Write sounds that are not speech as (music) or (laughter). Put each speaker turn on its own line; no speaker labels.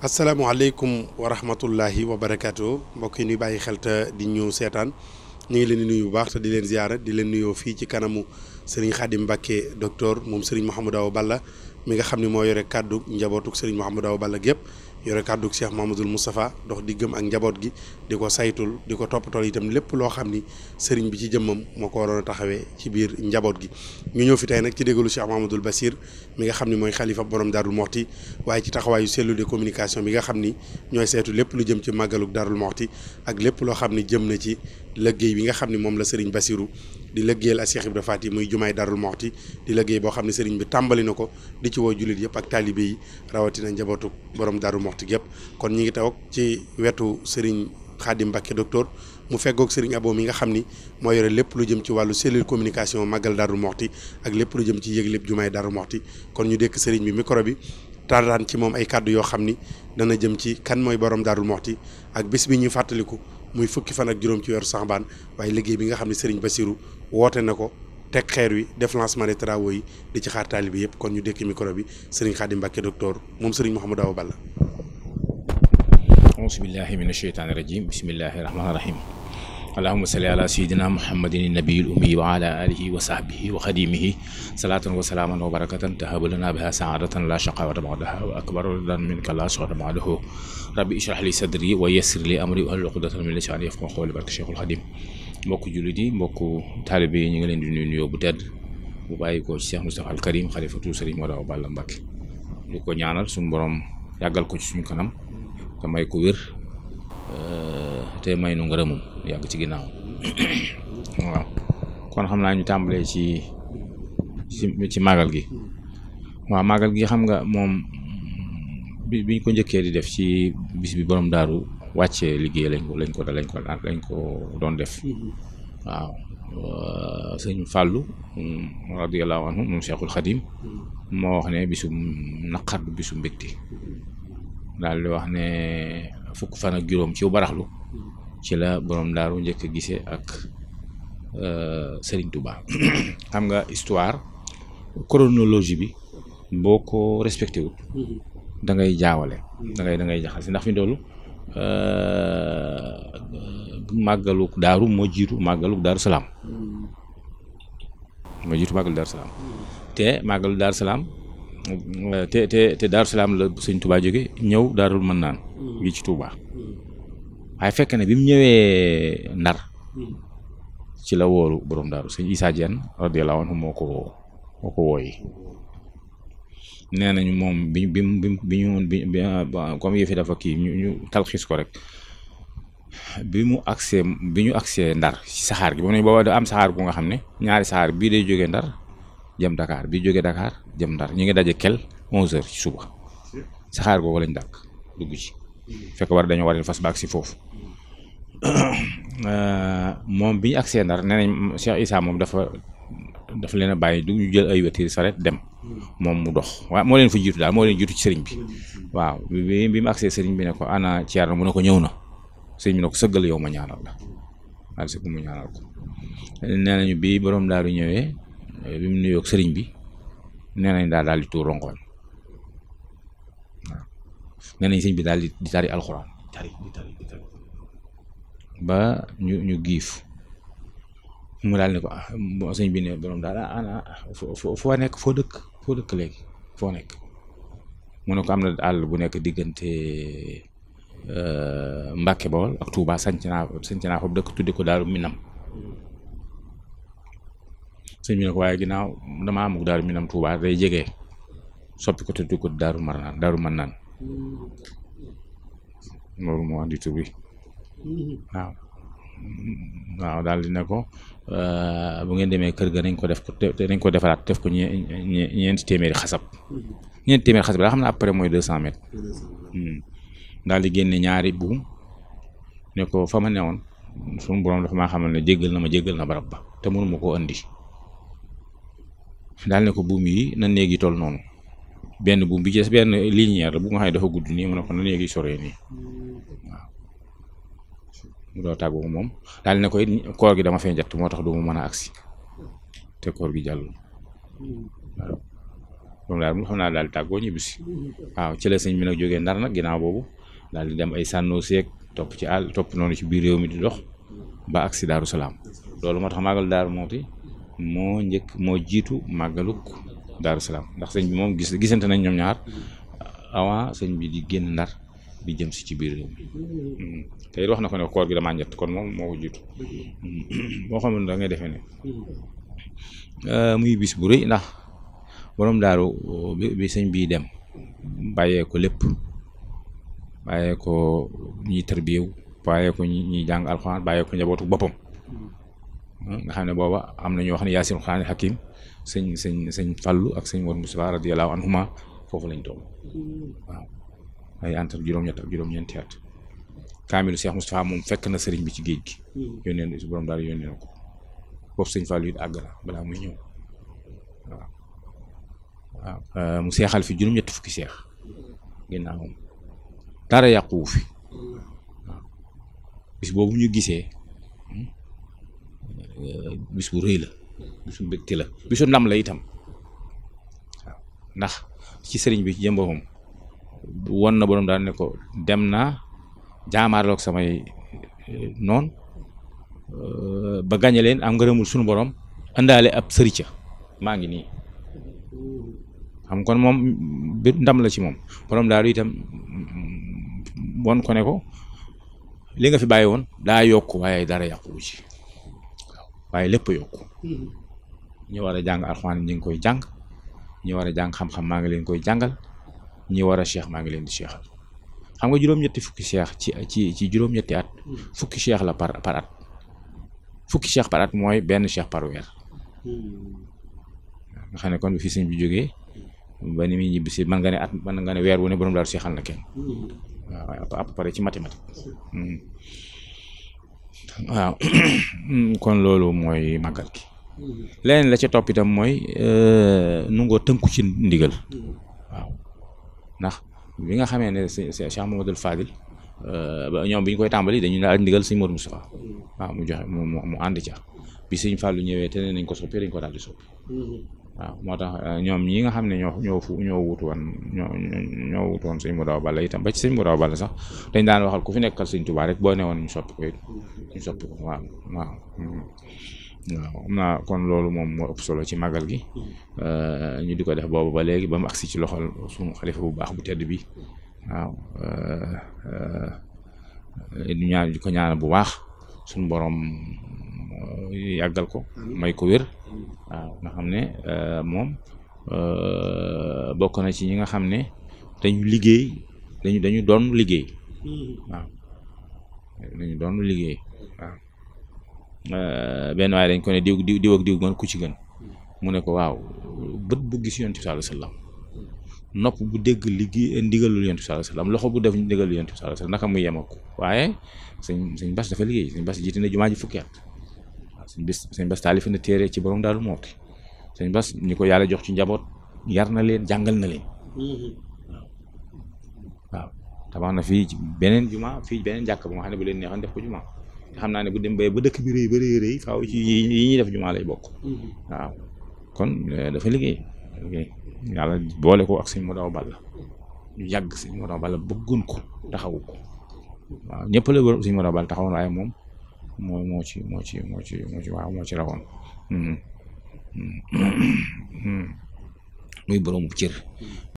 asalaamaaleykum wa rahmatullahi wa barakaatu mbokk yi ñuy bàyyi xel te di ñëw seetaan ñu ngi leen di nuyu bu baax te di leen ziyaara di leen nuyoo fii ci kanamu sëriñ Xaadim Mbàkke docteur moom sëriñ Mouhamadou Awa Balla mi nga xam ne moo yore kàddu njabootuk sëriñ Mouhamadou Awa Balla gépp yore kàddu Cheikh Mouhamadoul Moustapha dox di gëm ak njaboot gi di ko saytul di ko toppatoo itam lépp loo xam ni sëriñ bi ci jëmmam moo ko waroon a taxawee ci biir njaboot gi ñu ñëw fi tey nag ci déggalu Cheikh Mouhamadoul Bassir mi nga xam ni mooy xalifa borom Darou Moxti waaye ci taxawaayu cellule de communication bi nga xam ni ñooy saytu lépp lu jëm ci màggaluk Darou Moxti ak lépp loo xam ni jëm na ci liggéey bi nga xam ni moom la sëriñ Bassirou di lëggéeyal ak Cheikh Ibra Faty muy jumaay Darul Moxti di liggéey boo xam ne sëriñ bi tàmbali na ko di ci woo jullit yëpp ak taalibe yi rawatina njabootu borom Darul Moxti gépp kon ñi ngi taw ci wetu sëriñ Xaadim Mbàkke docteur mu feggoog sëriñ Abo mi nga xam ni moo yore lépp lu jëm ci wàllu cellule communication màggal Darul Moxti ak lépp lu jëm ci yëg-lépp jumaay Darul Moxti kon ñu dekk sëriñ bi micro bi taataan ci moom ay kàddu yoo xam ni dana jëm ci kan mooy borom Darul Moxti ak bis bi ñu fàttaliku muy fukki fan ak juróom ci weeru Saxbaan waaye liggéey bi nga xam ne sëriñ Basiru woote na ko teg xeer wi def lancement des travaux yi di ci xaar taalibe yëpp kon ñu dékki micro bi sëriñ Xaadim Mbàkke docteur moom sëriñ Mouhamadou Awa Balla
auzu billahi min asheytaani rajim bismillahi rahmaani rahim allahuma salli ala sayidina muhammadin nabiyil ummi wa ala alihi wa sahbihi wa xadimihi salaatan wa salaaman wa barakatan tahabalana biha saadatan la shaqawata badaha wa akbaru dan minka la shaqawata badahu rabbi ishrah li sadri wa yassir li amri wa hal uqdatan min lisani yafqahu qawli barke cheikhul xadim mbokk jullit yi mbokku taalibe yi ñu ngi leen di nuyu nuyoo bu tedd bu bàyyi ko Cheikh Moustapha al Karim xalifatu Sëriñ Moodu Awa Balla Mbàkke di ko ñaanal suñu borom yàggal ko ci suñu kanam te may ko wér euh, te may nu ngërëmum yàgg ci ginnaaw (coughs) waaw kon xam naa ñu tàmbalee ci ci màggal gi waa màggal gi xam nga moom bi biñ ko njëkkee di def ci bis bi borom daaru wàcce liggéey lañ ko lañ ko lañ ko lañ ko doon def mhm. waaw euh, sëñ Fallou mm, radiallahu anhu moom seexul Khadim mhm. moo wax ne bisu naqar du bisu mbégte mhm. daal di wax ne fukk fan ak juróom ci baraxlu ci la borom daaru njëkk a gisee ak euh, Serigne Touba (coughs) xam nga histoire chronologie bi boo ko respecté wut da jaawale da ngay da ngay jaxase ndax fi doolu Euh, màggaluk daaru moo jiitu màggaluk daaru salaam moo jiitu màggalu daaru salaam te màggalu daaru salaam te te te daaru salaam la sëñ Touba jóge ñëw daarul mën naan gi ci Touba waaye fekk ne bi mu ñëwee Ndar ci la woolu borom daaru sëñ Issa Diène radiyallahu moo ko moo ko wooyi nee nañu moom bi bi bi bi ñu woon ah, comme yëf yi dafa kii ñu ñu talxiis ko rek bi mu agsee bi ñu agsee ndar si saxaar gi moom nañu booba da am saxaar bu nga xam ne ñaari saxaar bii day jógee ndar jëm Dakar bii jógee Dakar jëm ndar ñu ngi daje kel 11h ci suba saxaar boobu lañ dàkk dugg ci fekk war dañoo war a fas baag si foofu (coughs) euh, moom bi ñu agsee ndar nee nañ Cheikh Issa moom dafa dafa leen a bàyyi du ñu jël ay wétir saret dem. moom mu dox waaw moo leen fa jiitu daal moo leen jiitu ci sëriñ bi waaw bi bi mu agsee sëriñ bi ne ko ana Thierno mu ne ko ñëw na sëriñ bi ne ko sëggal yow bi borom daaru ñëwee bi mu nuyoog sëriñ bi nee nañ daal daal di tuur rongoon waaw nañ sëriñ bi daal di tari alxuraan ba ñu giif mu daal ne ko ah bi ne borom daal ah ana foo foo nekk foo dëkk. koo dëkk léegi foo nekk mu ne ko am na àll bu nekk diggante euh, Mbàkke Bawol ak Touba sanc naa sanc naa foofu dëkk tudde ko daaru Minam sëñ bi ne ko waaye ginnaaw damaa amuk daaru Minam tuuba day jege soppi ko tudde ko daaru Marnaan daaru Mannaan mm-hmm. loolu moo andi tur bi mm-hmm. waaw waaw daal di ne ko euh, bu ngeen demee kër ga nañ ko def ko nañ ko defaraat def ko ñe ñeenti téeméeri xasab ñeenti téeméeri xasab daa xam ne après mooy deux cent mètres hmm. daal di génne ñaari bu ne ko fa ma ne woon suñu borom dafa maa xamal ne jéggal na ma jéggal na barab ba te mënu ma koo andi daal ne ko buum yi na néegi yi toll noonu benn buum bi ci benn ligne la bu nga xam ne dafa gudd nii mu ne ko na néeg soree nii mu doon moom daal ne ko it koor gi dama fee njëkk moo tax du mu mën a te koor gi jàll waaw moom daal xam naa daal tàggoo ñibbisi waaw ci la sëñ bi nag jógee ndar nag ginnaaw boobu daal di dem ay sànnoo seeg topp ci àll topp noonu ci biir réew mi di dox ba agsi daaru loolu moo tax màggal daaru mooti moo njëkk moo jiitu màggaluk daaru salaam ndax sëñ bi moom gis gisante nañ ñoom ñaar avant sëñ bi di génn ndar bi jëm si ci biir mm. te it wax na ko ne koor gi damaa njëtt kon moom moo ko jiitu mm. boo xam ne da ngay defee ne euh, muy bis bu bi sëñ bii dem bàyyee ko lépp bàyyee ko ñiy tërbiyew bàyyee ko ñiy jàng alxuraan bàyyee ko njabootu boppam mm. nga xam ne booba am na ñoo wax ne yaasin xuraan xakim sëñ sëñ sëñ fàllu ak sëñ war Mustafa radiyallahu anhuma foofu lañ toll waaw ay entre ak juróom ak juróom-ñeenti at kaamilu Cheikh Moustapha fekk na sëriñ bi ci géej gi. Hmm. borom daal yónnee na ko foofu sëñ mu seexal fi juróom-ñett fukki seex ginnaawam dara yàquwu fi bis boobu ñu gisee hmm, bis bu rëy la bis bu mbégte la bisu ndam la itam ndax ci sëriñ bi ci jëmboom won na boroom daal ne ko dem naa jaamaarloog samay eh, noon eh, ba gañe leen am ngërëmul sunu borom indaale ab sërica maa ngi nii xam kon moom bi ndam la ci moom borom daal itam won kone ko li nga fi bàyyi woon daa yokk waaye dara yàquwu ci waaye lépp yokk hmm. ñu war a jàng alxuraan koy jàng ñu war a jàng xam-xam maa ngi leen koy jàngal ñi war a cheikh maa ngi leen di cheikhal xam nga juróom-ñetti fukki cheikh ci ci ci juróom-ñetti at fukki cheikh la par at fukki cheikh par at mooy benn cheikh par weer hmm. nga xam ne kon bi fi sëñ bi jógee ba ni muy ñibbisi mën nga ne at mën nga ne weer wu ne borom daal seexal na kenn hmm. waaw à peu près ci mathématique hmm. waaw (coughs) kon loolu mooy magal gi leneen la ca toppitam mooy euh, nu ngoo tënku ci ndigal ndax bi nga xamee ne Cheikh Mamadou Fadil euh, ba ñoom bi ñu koy tàmbali dañu la ndigal sëñ Modou Moustapha waaw mu joxe mu mu ànd ca bi sëñ Fallou ñëwee te nee nañ ko soppi dañ ko daal di soppi mm-hmm. waaw moo tax euh, ñoom ñi nga xam ne ñoo ñoo fu ñoo wutu woon ñoo ñoo wutu woon sëñ Modou Awa Balla itam ba ci sëñ Modou Awa Balla sax dañ daan waxal ku fi nekkal sëñ Touba rek boo ne woon ñu soppi ko it ñu soppi ko waaw mm-hmm. waaw am naa kon loolu moom moo ëpp solo ci màggal gi euh, ñu di ko def boobu ba léegi ba mu agsi ci loxol suñu xalifa bu baax bu tedd bi waaw ñu euh, euh, ñaan ko ñaan bu baax suñu borom yàggal ko may ko wér waaw nga xam ne moom bokk na ci ñi nga xam ne dañu liggéey dañu dañu doon liggéey waaw dañu doon liggéey Euh, benn waaye dañ ko ne diw diw diw ak diw man ku ci gën mu ne ko waaw bët bu gis yonent bi sallallahu alayhi wasallam nopp bu dégg liggéey eh, ndigalul yonent bi sallallahu alayhi loxo bu def ndigalul yonent bi sallallahu alayhi wasallam naka mu yem ak ko waaye sëñ sëñ Bass dafa liggéey sëñ Bass jiite na jumaa ji fukki at waaw sëñ Bass sëñ Bass taalif na téere ci borom Daaru Muxti sëñ bas ñi ko yàlla jox ci njaboot yar na leen jàngal na leen mm-hmm. waaw tabax na fii beneen jumaa fii beneen jàkk ba nga xam ne bu leen neexoon def ko jumaa nga xam naa ne bu dem ba dëkk bi rëy ba rëy rëy faaw yi ñuy def jumaa lay bokk. Mm-hmm. waaw kon eh, dafa liggéey liggéey boole ko ak sëñ mu daw balla ñu yàgg sëñ mu balla bëggoon ko taxawu ko waaw ñëpp la war sëñ mu daw balla taxawoon waaye moom moo moo ci moo ci moo ci moo ci moo ci rawoon mm-hmm. Mm-hmm. (coughs) muy boroomu cër